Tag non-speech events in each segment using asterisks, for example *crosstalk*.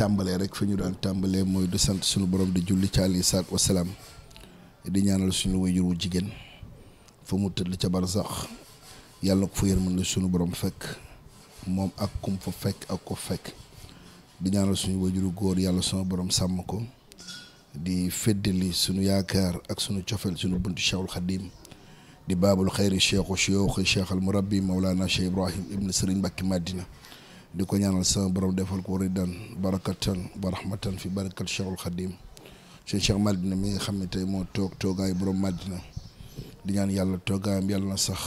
tàmbalee rek fi ñu daan tàmbalee mooy di sant suñu borom di julli ci alayhi salaatu wasalaam di ñaanal suñu wayjur wu jigéen fa mu tëdd ca barsax yàlla ko fa yërmande suñu borom fekk moom ak ak ko fekk di ñaanal suñu wayjuru góor yàlla suñu borom sàmm ko di feddali suñu yaakaar ak suñu cofeel suñu buntu cheikhul xadim di baabul xayri cheikhu chiyooxi cheikh al murabbi mawlaana cheikh ibrahim ibn sëriñ mbàkki madina diko ñaanal sama borom defal ko ridan barakatan barahmatan fi barakat Cheikhul Khadim seen Cheikh Madina mi nga xam tay mo tok togaay borom Madina di ñaan yàlla togaam yàlla na sax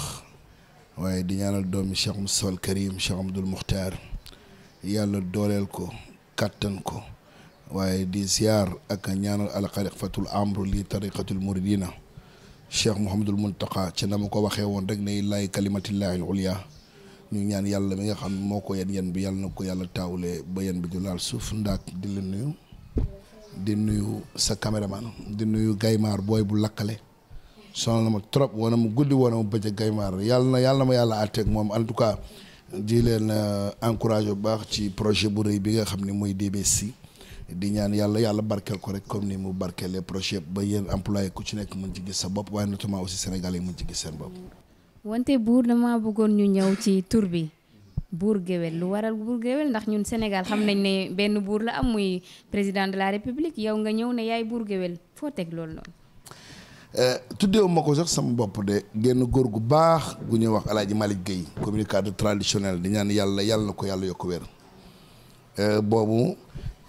waye di ñaanal doomi Cheikh musul Karim Cheikh abdul Moukhtar yàlla dolel ko katan ko waye di ziar ak ñaanal al fatul amr li tariqatul muridina Cheikh Mouhamadul Muntaqa ci nam ko waxe won rek ne lay kalimatillahi al ulya ñu ñaan yàlla mi nga xam moo ko yen yen bi yàlla ko yàlla taawulee ba yen bi du laal suuf ndaak di la nuyu nuyu sa caméraman di nuyu gaymaar booy bu lakkale sonal na ma trop wana mu guddi wana mu bëccëg gaymaar yàlla na yàlla ma yàlla àtteeg moom en tout cas di leen euh, encouragé bu baax ci projet bu rëy bi nga xam ni mooy DBC di ñaan yàlla yàlla barkeel ko rek comme ni mu barkeelee projet ba yéen employé ku ci nekk mën ci gis sa bopp waaye notamment aussi sénégalais yi mën ci gis seen bopp wante buur dama bëggoon ñu ñëw ci tur bi buur géwél lu waral buur géwél ndax ñun Sénégal xam nañ ne benn buur la am muy président de la république yow nga ñëw ne yaay buur géwél foo teg loolu noonu. Euh, tuddeewu ma ko sax sama bopp de génn góor gu baax gu ñuy wax alaaji Malick Guèye communicateur traditionnel di ñaan yàlla yàlla na ko yàlla yokk wér euh, boobu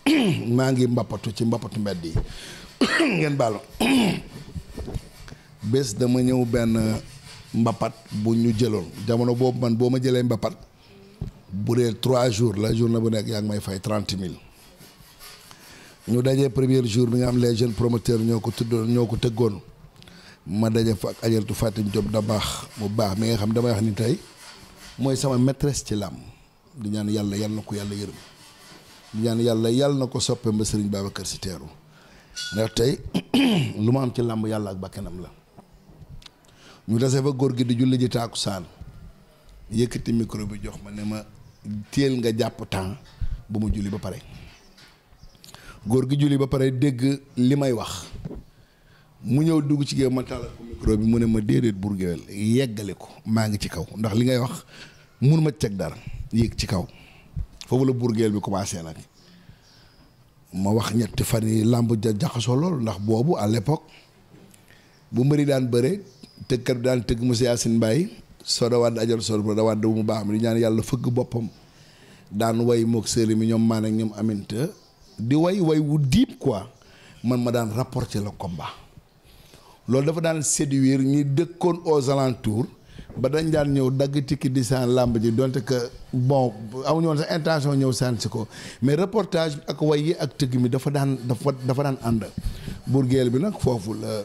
*clears throat* maa ngi mbappatu ci mbappatu mbedd yi *clears throat* ngeen baal *clears throat* bés dama ñëw benn mbappat bu ñu jëloon jamono boobu man boo ma jëlee mbapat bu dee trois jours la journée bu nekk yaa ngi may fay trente mille ñu dajee première jour bi nga am les jeunes promoteurs ñoo ko tuddoon ñoo ko tëggoon ma daje fa ak ajartu Fatim Diop da baax mu baax mi nga xam damay wax ni tey mooy sama maîtresse ci làmb di ñaan yàlla yàlla na ko yàlla yërëm di ñaan yàlla yàlla na ko soppe mba Serigne Babacar si teeru ndax tey *clears throat* lu ma am ci làmb yàlla ak bakkanam la ñu dese fa góor gi di julli ji saal yëkkati micro bi jox ma ne ma téel nga jàpp temps bu mu julli ba pare góor gi julli ba pare dégg li may wax mu ñëw dugg ci géew ma tàllal ko micro bi mu ne ma déedéet Bour Gueweul yeggale ko maa ngi ci kaw ndax li ngay wax mun ma teg dara yéeg ci kaw foofu la Bour Gueweul bi commencé nag ma wax ñetti fan yi làmb ja jaxasoo lool ndax boobu à bu mbëri daan bëre tëggkat bi daan tëgg monsieur Yacine Mbaye soo da wadd ajal sol bu da wadd bu mu baax mi di ñaan fëgg boppam daan way mook sëri mi ñoom maan ñoom aminta di way way wu diib quoi man ma daan rapporter la komba loolu dafa daan séduire ñi dëkkoon aux alentours ba dañ daan ñëw dagg tikki di saan làmb ji donte que bon aw woon sax intention ñëw saan si ko mais reportage ak way yi ak tëgg mi dafa daan dafa dafa daan ànd burgeel bi nag foofu la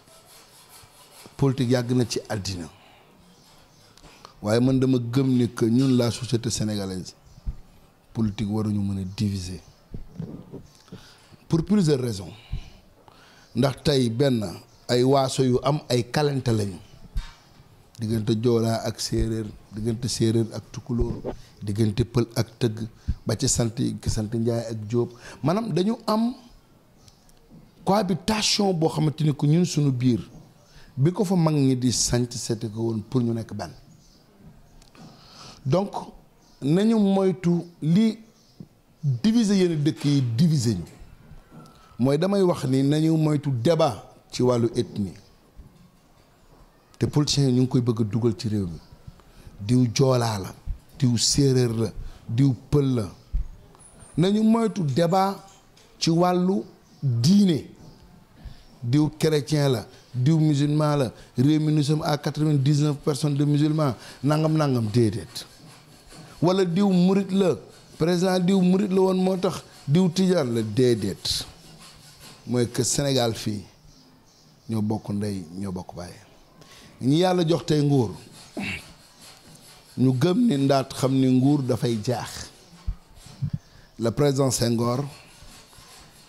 politique yàgg na ci àddina waaye man dama gëm ni que ñun la société sénégalaise politique waruñu mën a diviser pour plusieurs raisons ndax tey benn ay waaso yu am ay kalante lañu diggante joolaa ak séeréer diggante séeréer ak tukulóor diggante pël ak tëgg ba ci sant ki sant njaay ak jóob maanaam dañu am cohabitation boo xamante ni ko ñun suñu biir bi ko fa mag ñi di sanc sete ko woon pour ñu nekk ban donc nañu moytu li diviser yenn dëkk yi diviser ñu mooy damay wax ni nañu moytu débat ci wàllu ethnie te politiciens yi ñu ngi koy bëgg a dugal ci réew mi diw joolaa la diw séeréer la diw pël la nañu moytu débat ci wàllu diine diw chrétien la du musulman la à 99 personnes de musulmans nangam nangam wala du le président du murit le président moo tax diw la déedéet que Sénégal Ils ont ndey ñi jox le président Senghor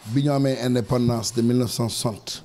bi indépendance de 1960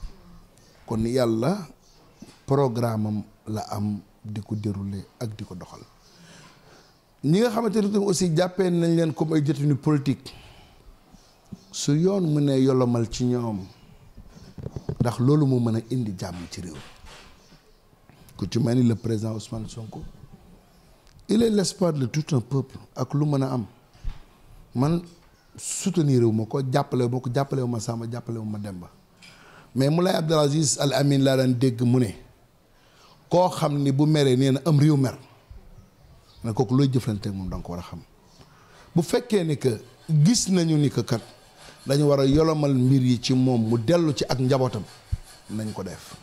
kon yàlla programme am la am di ko dérouler ak di ko doxal ñi nga xamante ne aussi jàppee nañ leen comme ay détenu politique su yoon mu ne yolomal ci ñoom ndax loolu mu mën a indi jàmm ci réew ku ci mel ni la président Ousmane Sonko il est l'espoir de tout un peuple ak lu mën a am man soutenir wu ma ko jàppale wu ko jàppale wu ma Samba jàppale wu ma Demba mais mu Moulay Abdel Aziz Al Amin laa daan dégg mu ne koo xam ni bu meree nee na am réew mer ne kooku looy jëflanteeg moom da ko war a xam bu fekkee ni que gis nañu ni que kat dañu war a yolomal mbir yi ci moom mu dellu ci ak njabootam nañ ko def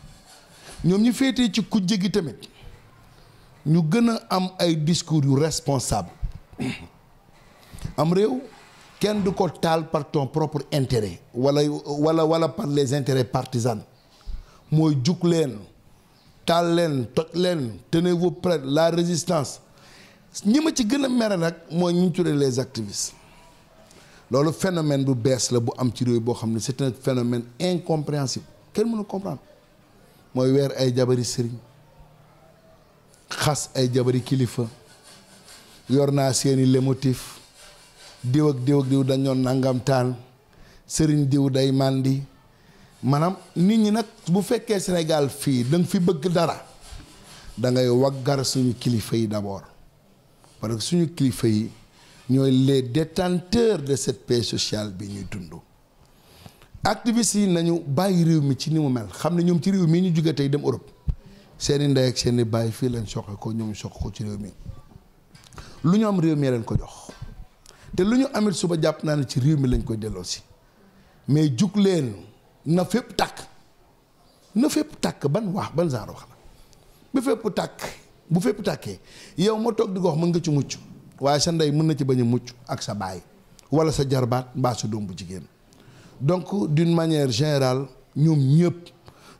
ñoom ñu féetee ci kujje gi tamit ñu gën a am ay discours yu responsable am réew. Ken du ko tal par ton propre intérêt wala wala wala par les intérêts partisans Moi juklen, talen, taal tenez-vous prêts la résistance Ni moi ci gën a moi nag mooy les activistes Le phénomène bu bees la bu am ci Bohamne, c'est un phénomène incompréhensible kenn mënu comprendre Moi, weer ay jabari sëriñ khas ay jabari kilifa yor naa seeni les motifs diw ak diw ak diw dañoon nangam sëriñ diw day màndi maanaam nit ñi nag bu fekkee Sénégal fii danga fi bëgg dara da ngay waggar suñu kilifa yi d'abord parce que suñu kilifa yi ñooy les détenteurs de cette paix sociale bi ñuy dund activistes yi nañu bàyyi réew mi ci ni mu mel xam ne ñoom ci réew mii ñu jóge tey dem Europe seeni ndey ak seeni bàyyi fii lañ soxe ko ñoom soxe ko ci réew mi lu ñu am réew mi leen ko jox te luñu ñu amit suba japp naa ci réew mi lañ koy delloo mais juk leen na fepp tak na fepp tak ban wax ban genre wax la bu fépp tàkk bu fepp takke yow mo tok di gox wax mën nga ci muccu waaye sa nday mën na ci bañ muccu ak sa bay wala sa jarbat ba sa dombu jigen donc d'une manière générale ñom ñëpp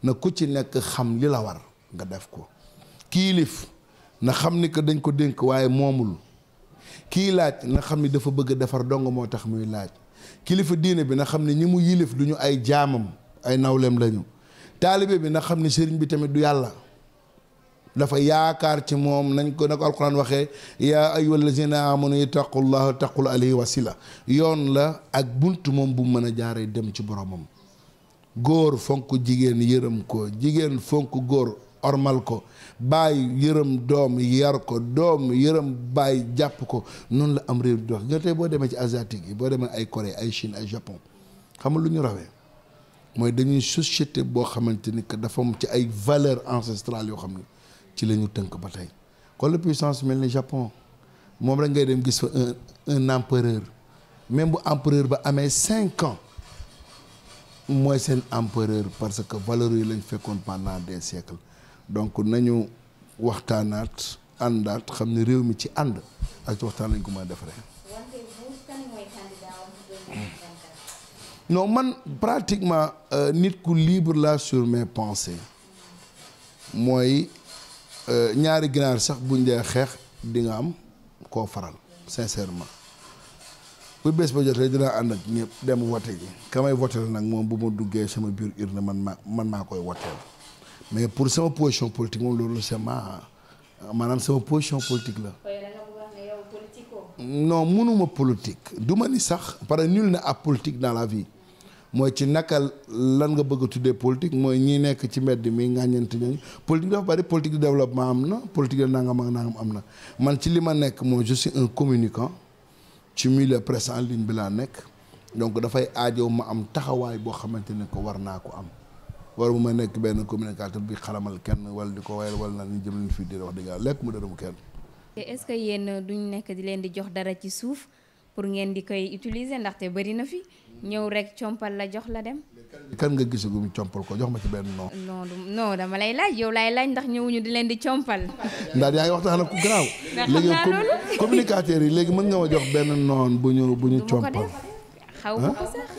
na ku ci nek xam lila war nga def ko kilif na xam ni dañ ko denk waye momul kii laaj na xam ni dafa bëgg a defar dong moo tax muy laaj kilifa diine bi na xam ne ñi mu yilif du ñu ay jaamam ay nawleem lañu taalibe bi na xam ne sëriñ bi tamit du yàlla dafa yaakaar ci moom nañ ko na ko alquran waxee yaa ayyuhal lazina amanu ittaqullaha taqul alayhi wasila yoon la ak bunt moom bu mën a jaaree dem ci boromam góor fonk jigéen yërëm ko jigéen fonk góor ormal ko baay dom doom yar ko doom yërëm baay jàpp ko non la am réew dox nga tey boo demee ci asiatique bo demé ay Corée ay Chine ay Japon xam nga lu ñu dañuy société bo xamante ni que dafa am ci ay valeurs ancestrales yo xamni ci lañu teunk ba la puissance melni Japon mom rek ngay dem gis fa un un empereur même bu empereur ba amé cinq ans mooy sen empereur parce que valeur yi lañ fekkoon pendant des siècles donc nañu waxtaanaat andat xam ne mi ci ànd ak ci waxtaan lañ ko ma a defaree. non man pratiquement euh, nit ku libre la sur mes pensées mooy euh, ñaari ginaar sax buñ dee xeex di nga am koo faral sincèrement bu bés ba jotee dinaa ànd ak ñëpp dem ji kamay bu ma duggee sama biir urne man ma man maa koy mais pour sama position politique moom loolu ma maanaam sama position politique là non mënuma politique du ni sax par nul nul n'est apolitique dans la vie mooy ci naka lan nga bëgg tuddé politique mooy ñi nek ci mbedd mi ngàññante ñooñu politique dafa bari politique de développement amna politique de nangam ak nangam am man ci lima nek nekk je suis un communicant ci milieu presse en ligne bi la nek donc dafay aajow ma am taxaway bo xamante ne ko war ko am war mu may nekk benn communicateur bi xalamal kenn wala di ko wayal wala naan ñu jëm leen fii di wax dëgg yàlla lekk mu dërëmu kenn. te nekk di leen di jox dara ci suuf pour ngeen di koy utiliser ndaxte bëri na fi. ñëw rek compal la jox la dem. kan nga gisagum compal ko jox ma ci benn non. non non dama lay laaj yow laay laaj ndax ñëwuñu di leen di compal. ndax yaa ngi waxtaan ak ku garaaw. *laughs* léegi yi léegi mën nga ma jox benn noon bu ñu bu ñu compal. xaw ma ko sax.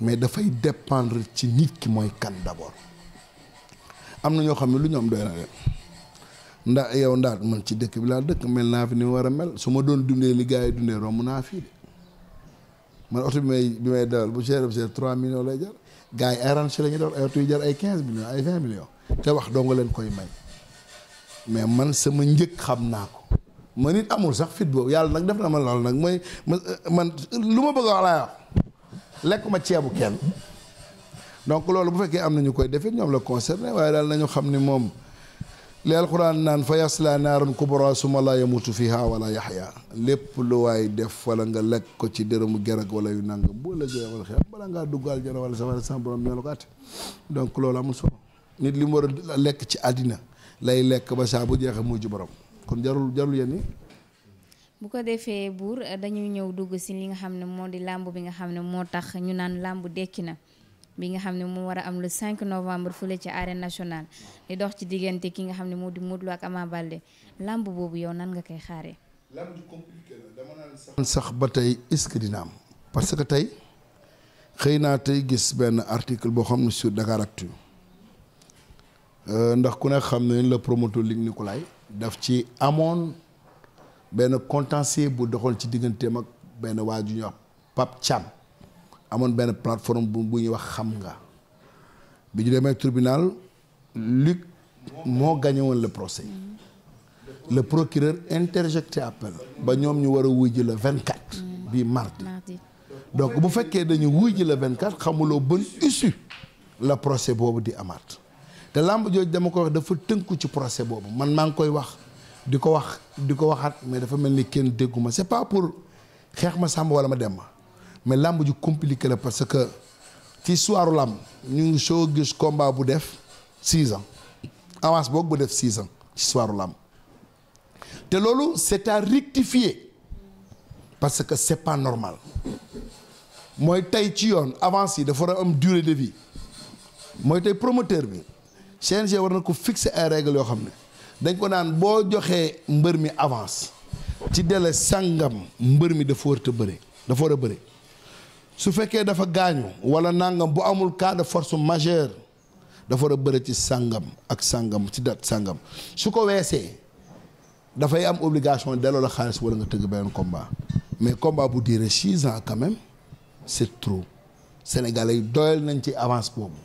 mais dafay dépendre ci nit ki mooy kan d'abord am na ñoo xam ne lu ñoom doy na leen ndax yow ndaat man ci dëkk bi laa dëkk mel naa fi ni war a mel su ma doon dundee li gars yi dundee romb naa fii de man oto bi may bi bu cher bu cher trois millions lay jar gars yi ay ranch la ñuy dawal ay oto yu jar ay quinze millions ay vingt millions te wax doo nga leen koy may mais man sama njëkk xam naa ko man it amul sax fit boobu yàlla nag def na ma lool nag mooy man lekk ma ceebu kenn donc loolu bu fekkee am nañu koy defit ñoom la concerné waaye daal nañu xam ni moom li alquran naan fa yasla naarun kubra suma la yamutu fiha wala yaxya lépp lu waaye def wala nga lekk ko ci dërëmu gerag wala yu nangam bu la joye wala xeex ngaa duggaal jara wala safara sa boroom ñoo la ko atte donc loolu amul solo nit li mu war a lekk ci àddina lay lekk ba saa bu jeexee mujj borom kon jarul jarul yenni bu ko defee buur dañuy ñëw dugg si li nga xam ne moo di làmb bi nga xam ne moo tax ñu naan làmb dekki na bi nga xam ne moo war a am le 5 novembre fële ci arène nationale di dox ci diggante ki nga xam ne moo di Modou Lo ak Ama Baldé làmb boobu yow nan nga koy xaaree. làmb ju compliqué la ba tey est am parce que tey xëy naa tey gis benn article boo xam ne sur Dakaractu euh, ndax ku ne xam ne le promoteur Luc Nicolaï daf ci amoon. ben contentieux bu doxal ci digganteem ak ben waa junior, pap wax Pape ben amoon benn plateforme bu bu ñuy wax xam nga bi ñu demee tribunal Luc mo gagné won le procès le procureur interjecté appel ba ñom ñu wara a le 24 bi mardi donc bu fekkee dañu wuy le 24 xamulo bonne issue le procès bobu di amaat te lamb jooju dama koy wax dafa teunku ci procès bobu man maa ngi koy wax di ko wax di ko waxaat mais dafa melni ken deguma c'est pas pour xexma ma wala ma dem mais lamb ju compliqué la parce que ci soiru làmb ñu ngi soo gis combat bu def 6 ans avance bok bu def 6 ans ci soiru làmb te lolu c'est à rectifier parce que c'est pas normal moy tay ci yone avance yi dafa war am durée de vie moy tay promoteur bi CNG war na ko fixer ay règles yo xamné dañ ko naan boo joxee mbër mi avance ci délai sàngam mbër mi dafa war bëre dafa war a bëre su fekkee dafa gaañu wala nangam bu amul cas de force majeure dafa war a bëre ci sàngam ak sàngam ci date sàngam su ko weesee dafay am obligation delloo la xaalis wala nga tëgg beneen combat mais combat bu diire six ans même c'est trop sénégalais yi doyal nañ ci avance boobu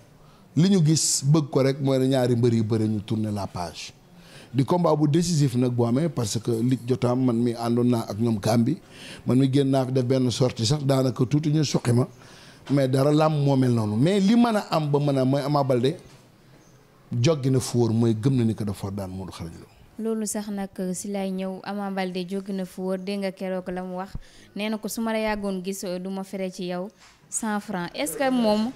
li ñu gis bëgg ko rek mooy ne ñaari mbër yu bëri ñu tourner la page di combat bu décisif nag bu amee parce que li jotaam man mi àndoon naa ak ñoom bi man mi génn naa def benn sorti sax daanaka tuuti ñu suqi ma mais dara làmb moo noonu mais li mën a am ba mën a mooy Ama Baldé joggi na fóor mooy gëm na ni que dafa daan Modou Xarañ Lo loolu sax nag si lay ñëw Ama Baldé jóge na fu wóor dégg nga keroog la mu wax nee na ko su ma yàggoon gis euh, du ma fere ci yow cent franc est-ce que moom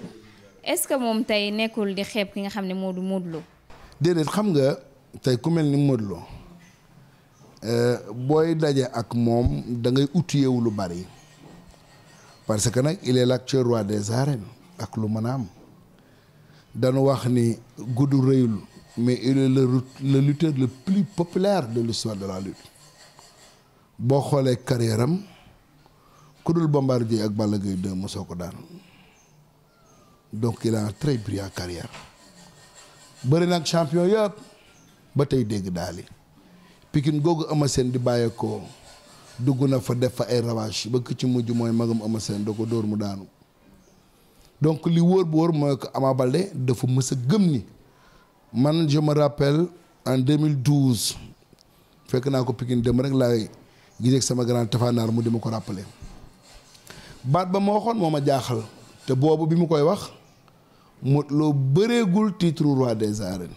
est-ce que moom tey nekkul di xeeb ki nga xam ne Modou Modou Lo xam nga tay ku melni modlo euh boy dajé ak mom da ngay utiyewu lu bari parce que nak il est l'actuel roi des arènes ak lu manam dañ wax ni goudou rëyul mais il est le le lutteur le plus populaire de l'histoire de la lutte bo xolé carrière am ku dul Bombardier ak Balla Gaye 2 mosoo donc il a une très brillante carrière bari nak champion yëpp. ba tey dégg daali Pikine googu Eumeu Sène di bàyyeekoo dugg na fa def fa ay ravage ba ki ci mujj mooy magam Eumeu Sène da ko dóor mu daanu donc li wóor bu wóor mooy ko Ama Baldé dafa mës gëm ni man je ma rappelle en 2012 fekk naa ko Pikine dem rek laay gisee ak sama grand tafanaar mu di ma ko rappelé baat ba ma waxoon moo a jaaxal te boobu bi mu koy wax Modou Lo bëreegul titre roi des arènes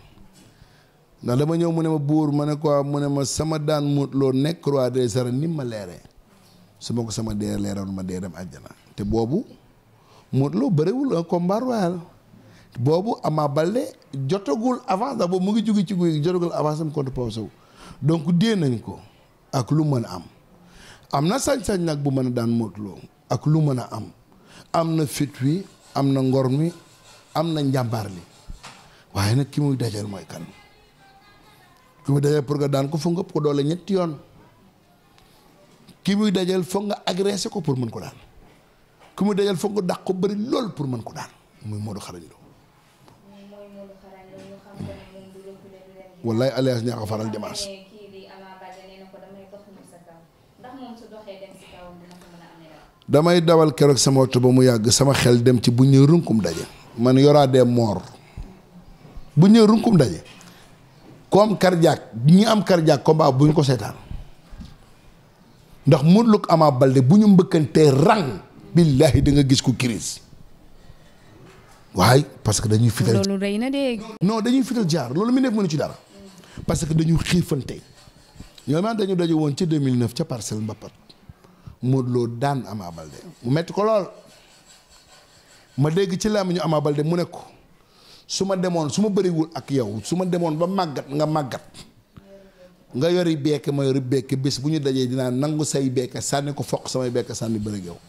ndax dama ñëw mu ne ma buur ma ne quoi mu ne ma sama daan Modou nekk roi des arènes ni ma leeree su ma ko sama dee leeroon ma dee dem àjjana te boobu Modou Lo bëriwul un combat royal boobu Ama Baldé jotagul avance ndax boobu mu ngi jugi ci guy jotagul avance am contre Papa donc dee nañ ko ak lu mën a am am na sañ-sañ nag bu mën a daan Modou ak lu mën a am am na fit wi am na ngor mi am na njàmbaar li waaye nag ki muy dajal mooy kan bi mu purga pour nga daan ko foog nga ko doole ñetti yoon ki muy dajal foog nga agressé ko pour mën ko daan ki muy dajal foog nga ko bëri lool pour mën ko daan muy Modou Xarañ Lo wallahi alias ñaa ko faral dimanche damay dawal keroog sama oto ba mu sama xel dem ci bu runkum dajé man yora dee mor bu runkum dajé ku am cardiaque ñi am cardiaque combat bu ñu ko seetaan ndax mut Lo ak Ama Baldé bu ñu mbëkkantee rang billaahi da nga gis ko kiriis waaye parce que dañuy fital loolu rëy na de. dañuy fital jaar loolu mi def mënu ci dara parce que dañu xiifante ñoom it dañu daje woon ca 2009 ca parcelle Mbapat Modou Lo daan Ama Baldé mu metti ko lool ma dégg ci làmb ñu Ama Baldé mu ne ko suma demone suma beuri wul ak yow suma demone ba magat nga magat nga yori beke ma yori beeke bes buñu dajé dina dinaa nangu say beeke sànni ko sama beke beeke sànni bëri yow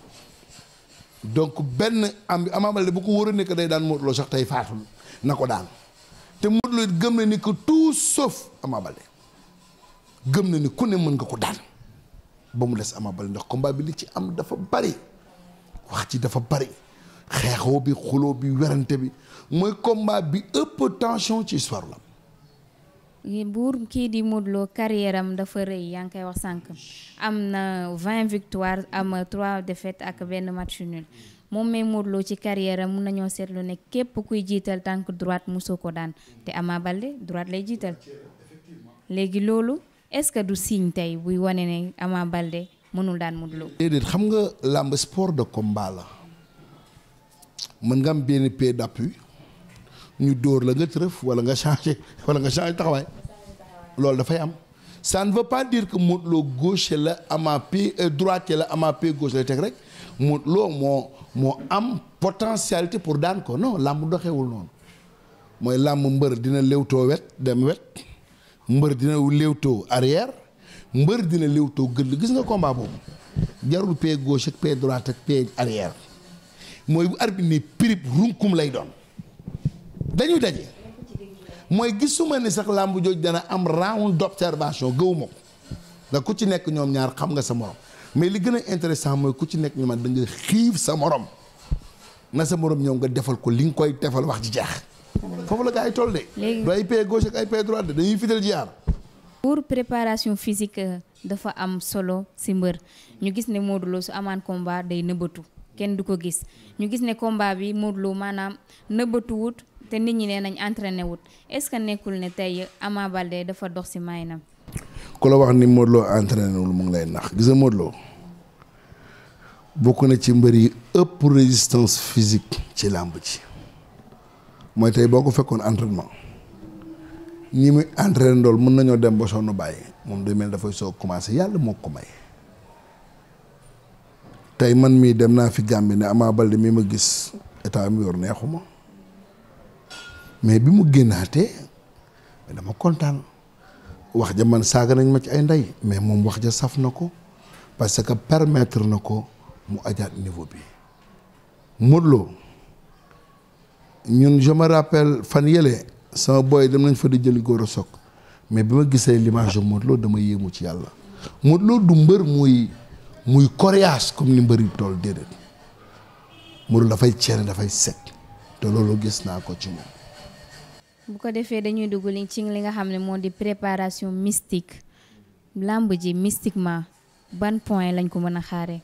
donc ben am Ama Baldé bu ko woro ne day dan modlo Lo sax tay faatul na dan te modlo Lo gëm na ni ko tout sauf Ama gem gëm na ni ku ne mën nga ko dan ba mu des ndax combat bi li ci am dafa bari wax ci dafa bari xeexoo bi xuloo bi werante bi mooy combat bi ëpp tension ci histoire la buur kii di Modou Lo dafa rëy yaa ngi koy wax sànq am na vingt victoires am trois défaites ak benn match nul moom mais Modou ci carrière mun nañoo seetlu ne képp kuy jiital tànk droite mosoo ko daan te amaa Baldé droite lay jiital léegi loolu est-ce que du signe tey buy wone ne Ama Baldé mënul daan Modou Lo xam nga làmb sport de combat la mën nga am benn pied d'appui ñu dóor la nga tërëf wala nga changé wala nga changé taxawaay loolu dafay am ça ne pas dire que Modou Lo gauche la Ama pied euh, droite la Ama pied gauche la teg rek Modou Lo moo moo am potentialité pour daan ko non làmb doxewul noonu mooy làmb mbër dina léwtoo wet dem wet mbër dina léwtoo arrière mbër dina léwtoo gëdd gis nga combat boobu jarul pied gauche ak pied droite ak pied arrière mooy bu arbitre ne pirip runkum lay doon dañuy daje mooy gisuma ni sax làmb jooj dana am round d'observation gëwuma ko nga ku ci nekk ñoom ñaar xam nga sa morom mais li gën a intéressant mooy ku ci nekk ñoom da nga xiif sa morom na sa morom ñëw nga defal ko li nga koy defal wax ji jaax foofu la gaa yi toll de. léegi du ay pied gauche ak ay pied droite dañuy fital jiyaar. pour préparation physique euh, dafa am solo si mbër ñu gis ne moo Modou loo su amaan combat day nëbbatu kenn du ko gis ñu gis ne combat bi Modou Lo maanaam nëbbatuwut te nit ñi nee nañ entraîné wut est-ce que nekkul ne tey Ama Baldé dafa dox si maynam ku la wax ni Modou Lo entraîné wul mu ngi lay nax gis bokk na ci mbër yi ëpp résistance physique ci làmb ci mooy tey boo ko fekkoon entraînement ñi muy entraîné dool mën nañoo dem ba sonn bàyyi moom de mel dafay soo commencé yàlla moo ko may tey man mii dem naa fi Gàmbi ne amaa Baldé mii ma gis état am yor neexuma mais bi mu génnaatee dama kontaan wax ja man saaga nañ ma ci ay ndey mais moom wax ja saf na ko parce que permettre na ko mu ajaat niveau bi Modou ñun je me rappelle fan yële sama boy dem nañ fa di jëli góor a mais bi ma gisee l'image de dama yéemu ci yàlla Modou du mbër muy muy coriace comme ni mbëri tool déedéet mburu dafay cere dafay set te loolu gis naa ko ci moom. bu ko defee dañuy dugg li ci li nga xam ne moo di préparation mystique làmb ji mystiquement ban point lañ ko mën a xaare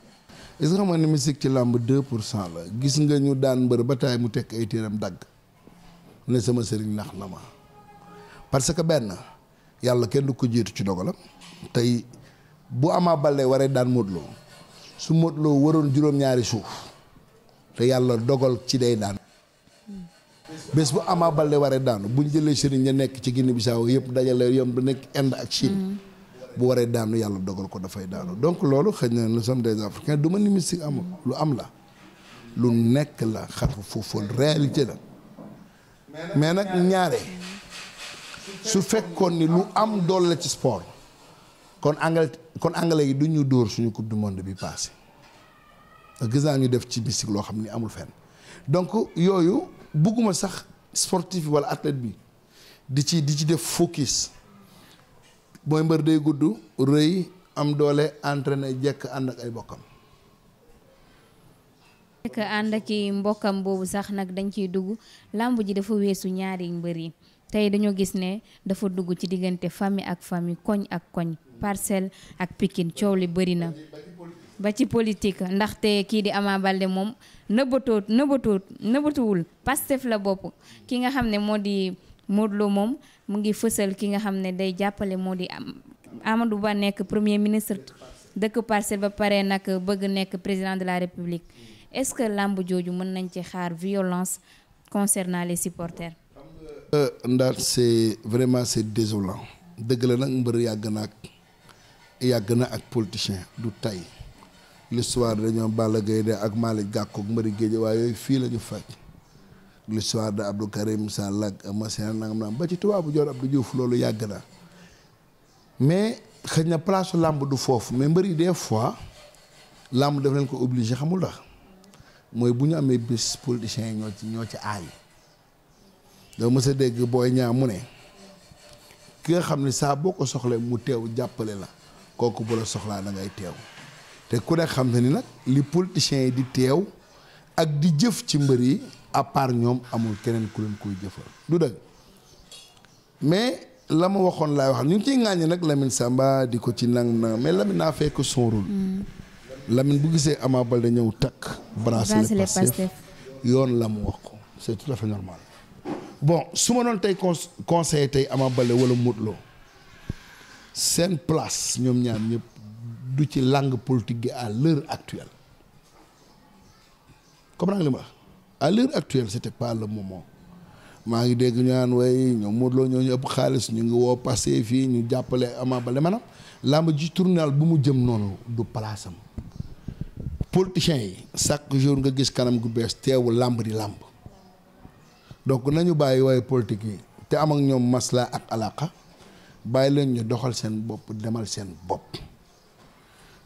est ce que xam ne mystique ci làmb 2 pour cent la gis nga ñu daan mbër ba taay mu tekk ay téeram dagg ne sama seriñ nax na ma parce que benn yàlla kenn du ko jiitu ci dogalam tey. bu Ama Baldé waree daan motloo su Modou Lo waroon juróom-ñaari suuf te yàlla dogal ci day daan bés bu Ama Baldé waree daanu buñ jëlee sëriñ ña nekk ci Guinée Bissau yëpp dajale yom da nekk Inde ak Chine bu waree daanu yàlla dogal ko dafay daanu donc loolu xëy na nous sommes des Africains du ma ni mystique amul lu am la lu nekk la xarfu foofu réalité la mais nag ñaare su fekkoon ni lu am dool la ci sport kon Angleterre kon anglais yi duñu ñu dóor suñu coupe du monde bi passé gis naa ñu def ci mystique loo xam ni amul fenn donc yooyu bugguma sax sportif wala athlète bi di ci di ci def focus mooy mbër day gudd rëy am doole na jekk ànd ak ay bokkam. jekk ànd ak i mbokkam boobu sax nag dañ ciy dugg làmb ji dafa weesu ñaari mbër yi. tey dañoo gis ne dafa dugg ci diggante famille ak famille koñ ak koñ parcelle ak Pikine coow li bëri na ba ci politique ndaxte kii di Ama Baldé moom nëbbatoot nëbbatoot nëbbatuwul Pastef la bopp ki nga xam ne moo di Modou moom mu ngi fësal ki nga xam ne day jàppale moo di am Amadou Ba nekk premier ministre dëkk parcelle ba pare nag bëgg nekk président de la république est-ce que làmb jooju mën nañ ci xaar violence concernant les supporters Euh, ndaal c'est vraiment c'est désolant dëgg la nag mbër yàgg nak ak yàgg na ak politicien du tey l'histoire dañoo Balla Gaye de ak Malick Gakou ak mbëri way yoy fi lañu fajj ñu l'histoire de Abdou Karim sallak ak Massina nangam naam ba ci bu jor Abdou Diouf loolu yàgg na mais xëy place lamb du fofu mais mbëri des fois l'amb def leen ko obligé xamul tax moy buñu amé amee bés politiciens ñoo ci ñoo ci ay da ma sa dégg boy ñaan mu ne ki nga xam ne saa boo ko soxlee mu teew jàppale la kooku bu la soxlaa da ngay teew te ku ne xam ne ni nag li politiciens yi di teew ak di jëf ci mbër yi à part amul keneen ku leen koy jëfal du dëgg mais la ma waxoon laay wax ñu ngi ciy ŋàññi Lamine Samba di ko ci nang na mais Lamine naa fekk son rôle mm. Lamine bu gisee Ama Baldé ñëw takk bracelet Pastef yoon la mu wax ko c'est tout à fait normal bon su ma doon tey conseil tey Ama bale wala mutloo seen place ñoom ñaar ñëpp du ci langue politique gi à l'heure actuelle comprendre nga li ma à l'heure actuelle c'était pas le moment maa ngi dégg ñu naan way ñoom Modou Lô ñoo ñu ëpp xaalis ñu ngi woo passé fii ñu jàppale Ama bale maanaam làmb ji tournal bu mu jëm noonu du palaasam politiciens yi chaque jour nga gis kanam gu bees teewu làmb di làmb donc nañu bàyyi waaye politique yi te am ñoom masla ak alaqa bàyyi leen ñu doxal seen bopp demal seen bopp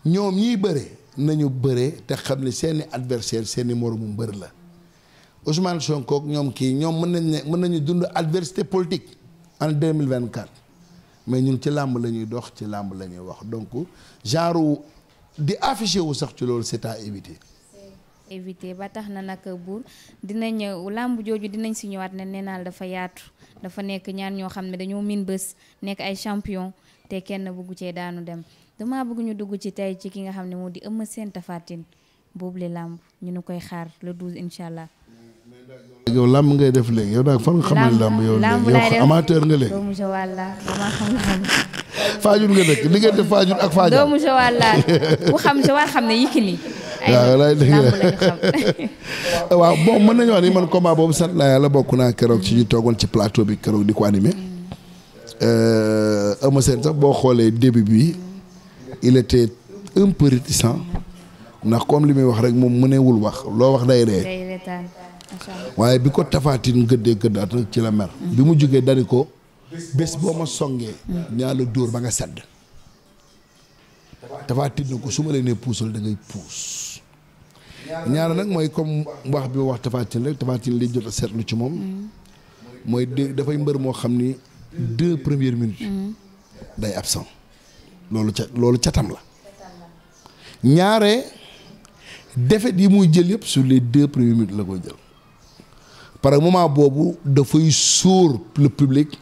ñoom ñiy bëre nañu bëre te xam ne seeni adversaire seeni moromu mbër la Ousmane Sonko ñoom kii ñoom mën nañ mën nañu dund adversité politique en deux mille vingt quatre mais ñun ci làmb la ñuy dox ci làmb la ñuy wax donc genre di affiché wu sax ci loolu c'est à éviter. éviter ba tax na nag buur dinañ làmb jooju dinañ si ñëwaat ne neenaal dafa yaatu dafa nekk ñaan ñoo xam ne dañoo miin bés nekk ay champion te kenn bëggu cee daanu dem dama bëgg ñu dugg ci tey ci ki nga xam ne moo di Eumeu Sène Tapha boobu la làmb ñu nu koy xaar le 12 incha allah. yow làmb ngay def léegi yow daal fan nga xamal làmb yow léegi yow amateur nga léegi. doomu làmb. Faajul nga dëkk diggante Faajul ak Faajal. doomu Joal laa ku xam *laughs* la *laughs* waaw bon mën nañu wax ni man combat boobu sant naa yàlla bokk naa keroog ci ñu toogoon ci plateau bi keroog di ko animé. Euh, Eumeu sax boo xoolee début bi il était un ndax comme li muy wax rek moom mënewul wax loo wax day ree waaye bi ko tafaatin gëddee gëddaat nag ci la mer. bi mu jógee dani ko. bés boo ma songee. Mm. naa la dóor ba nga sedd. dafa tiit na ko su ma la nee puusal da ngay puus. ñaar nag mooy comme wax bi wax Tapha Tine rek Tapha Tine li jot a seetlu ci moom. Mm. mooy de dafay mbër moo xam ni deux premières minutes. Mm. day absent. loolu ca loolu catam la. ñaare defet yi muy jël yëpp sur les deux premières minutes la koy jël. par moment boobu dafay sóor le public.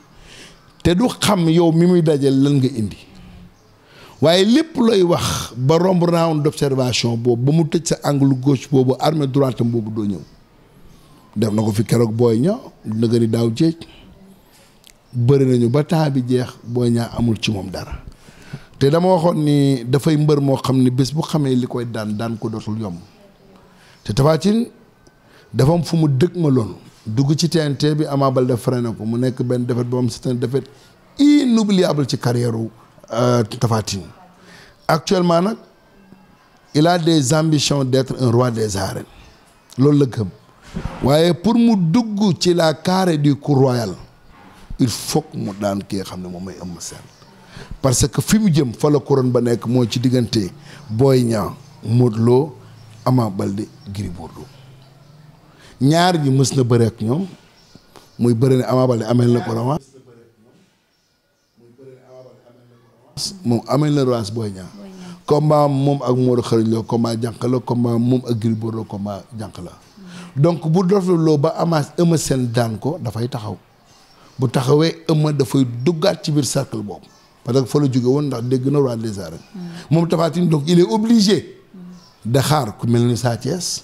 te du xam yow mi muy dajal lan nga indi waaye lépp looy wax ba romb round d'observation boobu ba mu tëj sa angle gauche boobu armée droite am boobu doo ñëw def na ko fi keroog booy ña na gën daaw jéej bëri nañu ba temps bi jeex booy ñaa amul ci moom dara te dama waxoon ni dafay mbër moo xam ni bés bu xamee li koy daan daan ko dootul yomb te Tapha Tine dafa fu mu dëgg ma loolu dugg ci TNT bi Ama Baldé freiné ko mu nekk benn défaite boo xam c'est une défaite inoubliable ci carrière ci euh, Tapha Tine actuellement nag il a des ambitions d'être un roi des arènes loolu la gëm waaye pour mu dugg ci la carré du cour royal il faut mu daan kii xam ne moom mooy Eumeu Sène parce que fi mu jëm fa la couronne ba nekk mooy ci diggante Boy Niang Modou Lo Ama Baldé Gris Bordeaux ñaar ñi mës na bëre ak ñoom muy bëre ne Ama Baldé amel na ko revanche moom amel na revanche Boy Niang combat moom ak Modou Xarañ Lo combat jànq la combat moom ak Gris Bordeaux combat jànq la donc bu dofloo ba amaas Eumeu seen daan ko dafay taxaw bu taxawee Eumeu dafay duggaat ci biir cercle boobu parce que foo la jóge woon ndax dégg na roi des arènes mm. moom Tapha donc il est obligé de ku mel ni Sa Thiès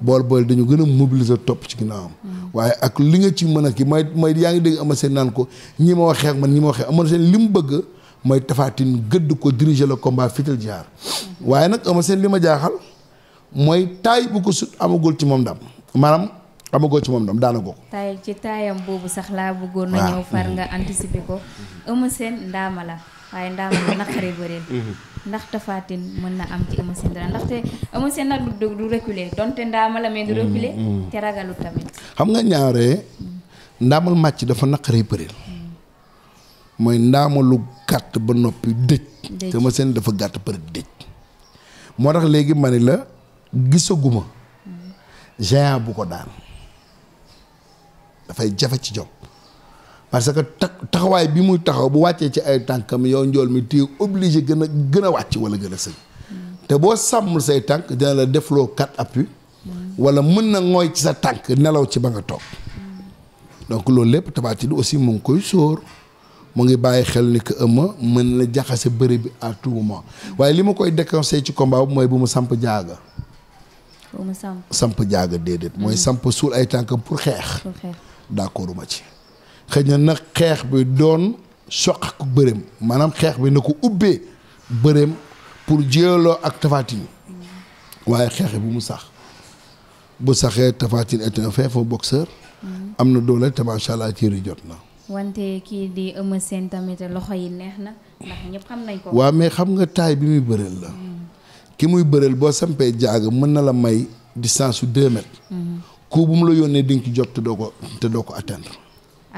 bool bool dañu gën a mobiliser topp ci ginnaawam mm. waaye ak li nga ci mën a ki may may yaa ngi dégg ama seen naan ko ñi ma waxee ak man ñi ma waxee ama seen li mu bëgg mooy tafaatin gëdd ko diriger le combat fital jaar mm. waaye nag ama seen li ma jaaxal mooy taay bu ko sut amagul ci moom ndam maanaam amagoo ci moom ndam daanagoo ko taay ci taayam boobu sax laa bëggoon na ñëw far nga anticiper ko ama seen ndaama la waaye ndaama la naqari bëreel mm-hmm. ndax Tapha mën na am ci Eumeu Sène dara ndaxte Eumeu Sène nag du du reculer donte ndaama du mm-hmm. reculer te ragalu tamit. xam nga ñaare ndaamal màcc dafa naqaree bëreel mm. mooy ndaamalu gàtt ba noppi dëj. te Eumeu dafa gàtt pare dëj. moo tax léegi ma ne la gisaguma mm. géant bu ko daan dafay jafe ci jom. parce que taxawaay bi muy taxaw bu wàccee ci ay tànkam yow njool mi téye obligé gën a gën wàcc wala gën a sëñ te boo sàmmul say tànk dina la defloo quatre appui wala mën na ngooy ci sa tànk nelaw ci ba nga toog donc loolu lépp tabaatili aussi mu ngi koy sóor mu ngi bàyyi xel ni que ëmma mën na jaxase bëri bi à tout moment waaye li ma koy déconseillé ci combat mooy bu mu samp jaaga samp samp jaaga déedéet mooy mm. samp suul ay tànkam pour xeex d'accord ma ci xëy na nag xeex bi doon soq ak bëreem maanaam xeex bi na ko ubbee bëreem pour jéeloo ak tafatin waaye xeex bi mu sax bu saxee tafatin est un fin fond boxeur mm-hmm. am na doole te macha allah ci jot na. wante kii di Eumeu na ndax xam mais xam nga taay bi muy bëreel la. Mm-hmm. ki muy bëreel boo sampee jaaga mën na la may distance su deux mètres. Mm-hmm. ku mu la yónnee di nga jot te doo ko te doo ko atteindre.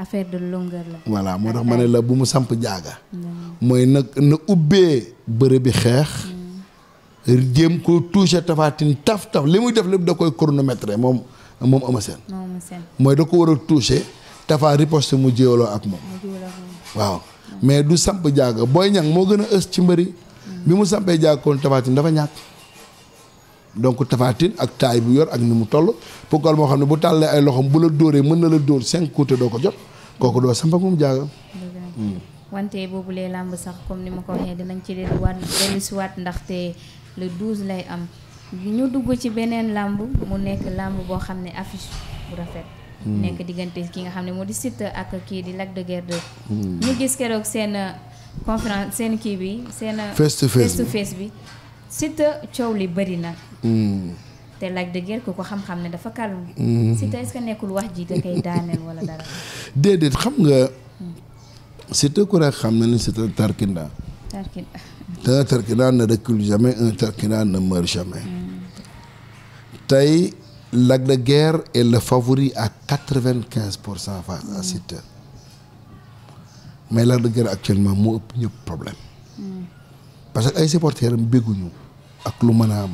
affaire de longueur la. voilà moo tax ma ne la bu mu samp jaaga. mooy nag na ubbee bëre bi xeex. jéem ko touché tafaatin taf taf li muy def lépp da koy chronométré moom moom ama seen. mooy da ko war a riposte mu jéewaloo ak moom. waaw mais du samp jaaga booy ñang moo gën a ci mbëri. bi mu sampee jaagoon tafaatin dafa ñàkk. donc tafaatin ak taay bu yor ak ni mu toll. pourquoi moo xam bu tàllee ay loxom bu la mën na la coups jot. kooku doo samp ak wante boobu lee làmb sax comme ni ma ko waxee dinañ ci delluwaat dellusiwaat ndaxte le 12 lay am ñu dugg ci beneen làmb mu nekk làmb boo xam ne affiche bu rafet. Hmm. nekk diggante ki nga xam ne moo di Siteu ak kii di Lac de Guiers 2. Hmm. ñu gis keroog seen euh, conférence seen kii bi seen. Euh, face to face bi face bi Siteu coow li bëri na. Hmm. te Lac de guerre ko ko xam-xam ne dafa calme. Mm-hmm. Siteu est-ce que nekkul wax ji da koy daaneel wala dara. *laughs* déedéet xam nga. Siteu ko nekk xam na ne c'est un tarkinda. un *laughs* tarkina ne recule jamais un tarkina ne meurt jamais. Mm. tey Lac de guerre est le favori à 95% pour cent face à mm. Siteu. mais Lac de guerre, actuellement moo ëpp ñëpp problème. Mm. parce que ay supporters am bégguñu ak lu mën a am.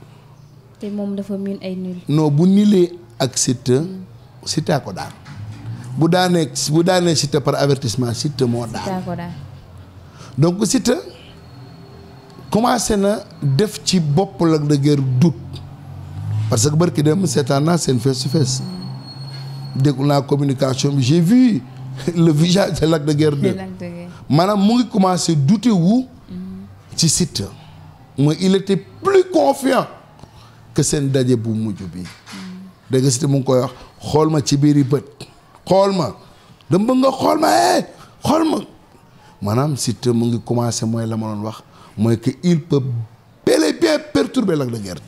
te moom dafa miin ay nul. non bu nilee ak Siteu. Siteu ko daan bu daanee bu daanee Siteu par avertissement Siteu moo daan. Siteu ko daan donc Siteu commencé na def ci bop Lac de guerre doute. parce que barki dem seetaan naa seen face to face déglu naa communication j'ai vu *laughs* le visage de Lac de guerre. 2 maanaam mu ngi commencé douter wu ci Siteu mooy il était plus confiant que seen daje bu mujj bi dégg nga si mu ngi koy wax xool ma ci biir yi bët xool ma dama bëgg nga xool ma eh xool ma maanaam Siteu mu ngi commencé mooy la ma doon wax mooy que il peut bel et bien la Lac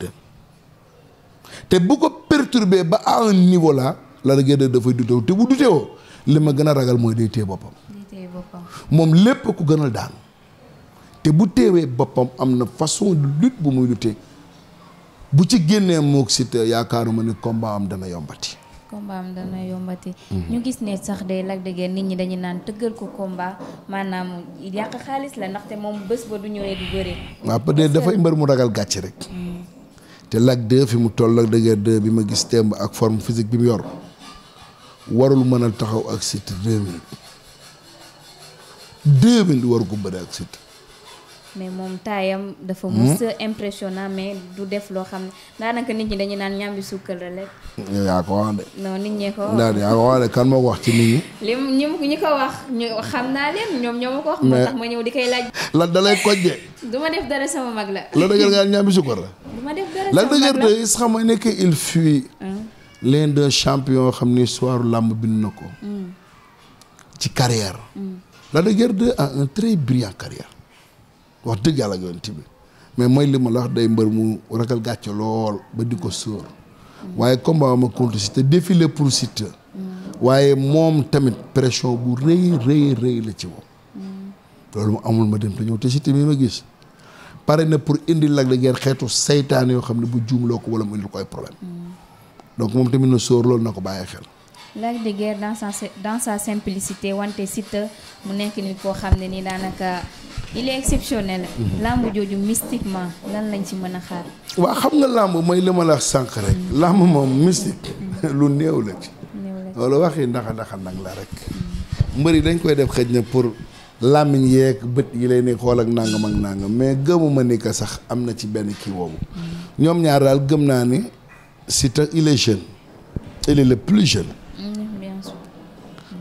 te bu ko perturber ba à un niveau là Lac de Guiers 2 dafay dutew te bu dutewoo li ma gën a ragal mooy day téye boppam moom lépp ku gënal daan te bu teewee boppam am na façon lutte bu muy lutte bu ci muk mook ya yaakaaruma ni combat am dana yombati. combat am dana yombati. ñu gis né sax day Lac de Guiers nit ñi dañu naan teugël ko combat manam yaq xaaliss la ndaxte mom bëss ba du ñëwé du bëré wa peut-être dafay mu ragal gatch rek. te Lac 2 fi mu toll Lac de bi gis temb ak forme physique bi mu yor warul mëna taxaw ak Siteu deux minutes minutes war ko bëre ak Siteu mais moom taayam dafa mus a impressionnant mais du def loo xam ne daanaka nit ñi dañu naan ñaam bi sukkal la rek. yaa ko wax de. non nit ñee ko ndax yaa ko wax de kan moo ko wax ci nit ñi. lim ñi ñi ko wax ñu xam naa leen ñoom ñoo ma ko wax. mais moo tax ma ñëw di koy laaj. lan da lay kojjee. du ma def dara sama mag la. la dëgër nga ñaam sukkal la. du ma def dara sama mag la la dëgër de xam nga nekk il fut. l'un des champions xam ni soir làmb bind na ko. Hmm. ci carrière. la dëgër de a un très brillant carrière. wax dëgg yàlla yonent bi mais mooy li ma la wax day mbër mu ragal gàcce lool ba di ko sóor waaye combat ma contre Siteu défilé pour Siteu waaye moom tamit pression bu rëy rëy rëy la ci moom loolu mu amul ma dem te ñëw te Siteu mi ma gis pare na pour indi Lac de Guiers xeetu saytaan yoo xam ne bu juumloo ko wala mu indil ko ay problème mm. donc moom tamit na sóor loolu na ko bàyyi xel Lac de guerre dans sa dans sa simplicité wante site, mu nekk ni ko xam ni daanaka il est exceptionnel. Mhm. làmb jooju mystiquement lan lañ ci mëna xaar. Wa xam nga làmb mooy li la sank rek. Mhm. làmb mom mystique. Mhm. *laughs* lu néew la ci. loolu waxi ndaxa ndaxa nak la rek. Mbeuri dañ koy def xejna pour lamine yek beut yi lay ne xool ak nangam ak nangam mais geumuma ni ka sax amna ci ben ki woowu. ñom ñaar dal geum na ni Siteu il est jeune. il est le plus jeune.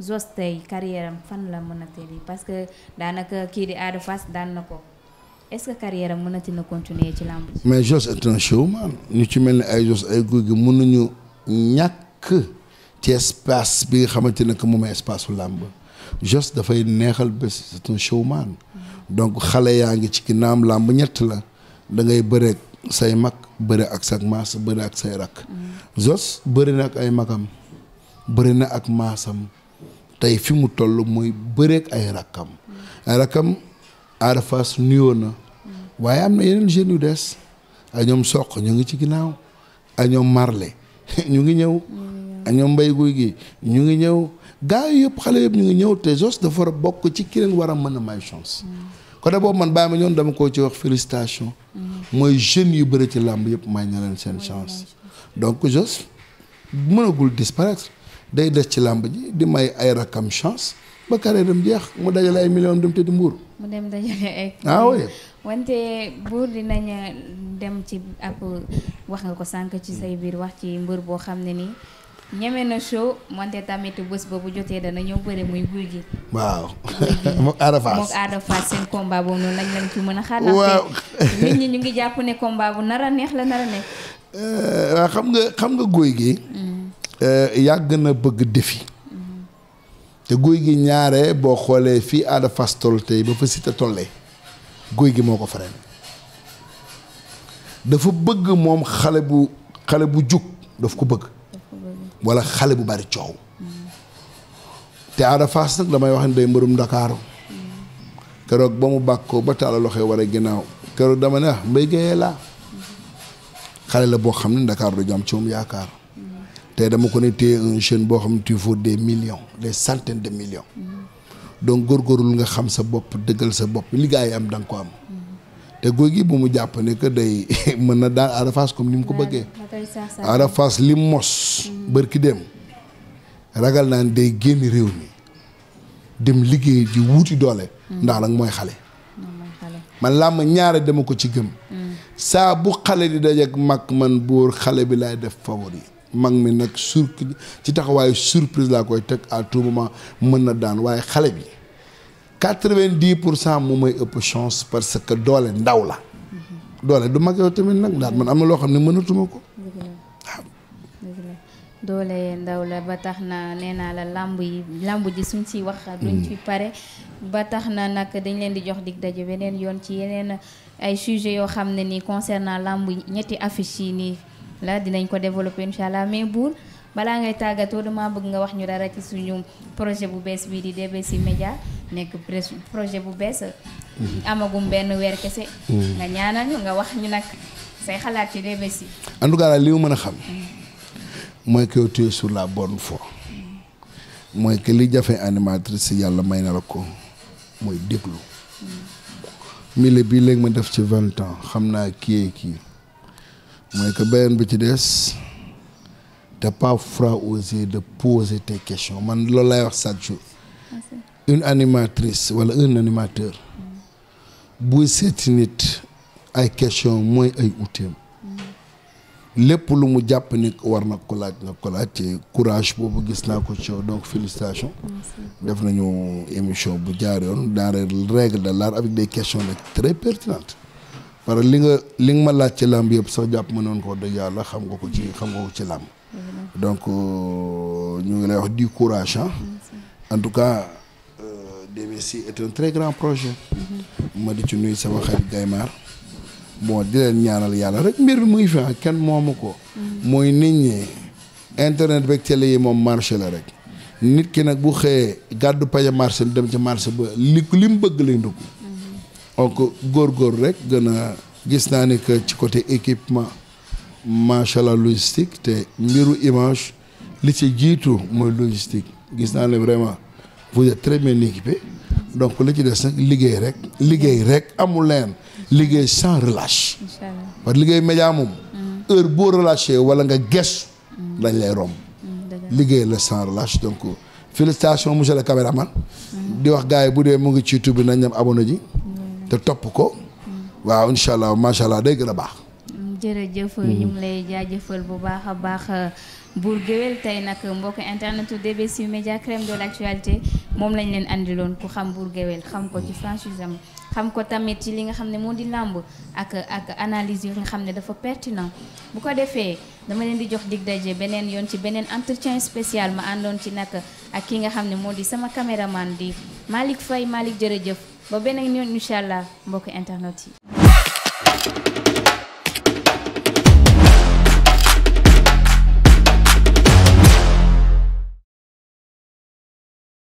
zostay carrière fan la mëna téli kiri parce que danaka ki di Ada Fass dan nako est ce que carrière mëna mënati na continuer ci lamb mais jos est un showman ñu ci melni ay jos ay goor gi mënu ñu ñak ci espace bi nga xamante ne que espace lamb jos da fay neexal bes c'est un showman donc xalé yaangi ci kinam lamb ñett la da ngay say mak bëre ak sa mas bëre ak say rak jos bëri nak ay makam na ak -hmm. tey fi mu toll mooy bëreeg ay rakkam ay rakkam Ada Fass na waaye am na yeneen jeunes yu des a ñoom soq ñu ngi ci ginnaaw ak ñoom marle *laughs* ñu ngi ñëw a ñoom mbay guy gi ñu ngi ñëw gaa yëpp xale yëpp ñu ngi ñëw te Zoss dafa bokk ci ki leen war a mën a may chance côté boobu man bàyyi ma ñoon dama koo ci wax félicitation mooy jeunes yu bëri ci làmb yëpp may na leen seen chance donc Zoss mënagul disparaître day def ci lamb ji di may ay rakam chance ba carré dem jeex mu dajal ay millions dem tëdd mbour mu dem dajal ay ah oui oh, iya. wante buur dinañ dem ci app wax nga ko sank ci say bir hmm. wax ci mbour bo xamne ni ñame na show wante tamit bo bu joté dana ñëw bëré muy guy gi waaw mo Ada Fass mook Ada Fass seen combat bo non lañ lañ ci mëna a waaw nit ñi ñu ngi japp ne combat bu nara neex la nara neex waaw xam nga xam nga guy gi Euh, yàgg na bëgg défi te guy gi ñaare boo xoolee fii Ada Fass toll tey ba fa Siteu tollee guy gi moo ko faren dafa bëgg moom xale bu xale bu jug daf ko bëgg walla xale bu bari coow te Ada Fass nag damay wax ne day mbërum Ndakaaru keroog ba mu bàkkoo ba taala loxo war a ginnaaw keroog dama ne ah mbay géyee laa xale la boo xam ne Ndakaar du jam ci moom yaakaar tey dama ko ne téye un jeune boo xam ne tu faut des millions de centaines de millions donc góorgóorlu nga xam sa bopp dëggal sa bopp liggéey am da nga ko am te góor gi bu mu jàpp ne que day *laughs* mën na daan Ada comme ni mu ko bëggee Ada li mos mm. bërki dem ragal naa ne day génn réew mi dem liggéey ji wuuti doole mm. ndax nag mooy xale man làmb ñaare dama ko ci gëm mm. saa bu xale di dajeek mag man buur xale bi laay def yi mag mi nag sur ci taxawaayu surprise laa koy teg à tout ma mën na daan waaye xale bi quatre vingt pour cent mu may ëpp chance parce que doole ndaw la doole du mag yow tamit nag ndaat man am na loo xam ne mënatuma ko doole ndaw la ba tax na nee naa la làmb yi làmb ji suñ si wax mm. duñ ci pare ba tax na nag dañ leen di jox dig daje beneen yoon ci yeneen ay sujet yoo xam ne nii concernant làmb ñetti affiche yi nii la dinañ ko développer incha allah mais buur balaa ngay tàggatoo dama bëgg nga wax ñu dara ci suñu projet bu bees bii di DBC Média nekk projet bu bees mhm. amagum benn weer kese mhm. nga ñaanal nga wax ñu nag say xalaat ci DBC en tout cas li mu mën a xam mhm. mooy que tu es sur la bonne voie mooy que li jafe animatrice si yàlla may na la ko mooy déglu mille bii léegi ma def ci vingt ans xam naa kii kii mooy que ben bi ci des t'as pas froid aux yeux de poser tes questions man loolu lay wax chaque une animatrice wala un animateur buy seeti nit ay question mooy ay outil mm. lépp lu mu jàpp ni war na ko laaj na ko laaj courage boobu gis naa ko ci donc félicitations def nañu émission bu jaar yoon dans de l'art avec des questions très pertinentes para li nga li nga la ci lamb yeb sax japp ma noonu ko de yalla xam nga ko ci xam nga ko ci lamb donc euh, ñu ngi lay wax du courage hein mm-hmm. en tout cas euh, DBC est un très grand projet mm-hmm. ma di ci nuy sama xarit Gaymar mo di len ñaanal yalla rek mbir muy fi ah, ken momuko moy mm-hmm. nit ñi internet bek télé yi mom marché la rek nit ki nak bu xé gaddu paye marché dem ci marché ba li li bëgg lay ndugg donc góor-góor rek gën a gis naa ni que ci côté équipement macha allah logistique te mbiru image li ci jiitu mooy logistique gis naa ne vraiment vous êtes très bien donc li ci des nag liggéey rek liggéey rek amul leen liggéey sans relâche. parce que liggéey média moom. Mm. heure boo relâché wala nga ges mm. dañ lay romb. Mm, liggéey la sans relâche donc félicitation monsieur le caméraman. di wax gars yi bu dee mu ngi ci YouTube bi nañ dem abonné ji. te topp ko waaw incha allah macha allah day gën a baax. jërëjëf hmm. ñu ngi lay jaajëfal bu baax a baax uh, Bour Gueweul tey nag uh, mbokk internetu DBC Média crème de l' moom lañ leen andiloon ku xam buur Gueweul xam ko ci franchise am xam ko tamit ci li nga xam ne moo di làmb ak ak analyse yu nga xam ne dafa pertinant bu ko defee dama leen di jox dig daje beneen yoon ci beneen entretien spécial ma àndoon ci nag ak ki nga xam ne moo di sama caméraman di ba beneen yoon incha allah mbokk internet yi.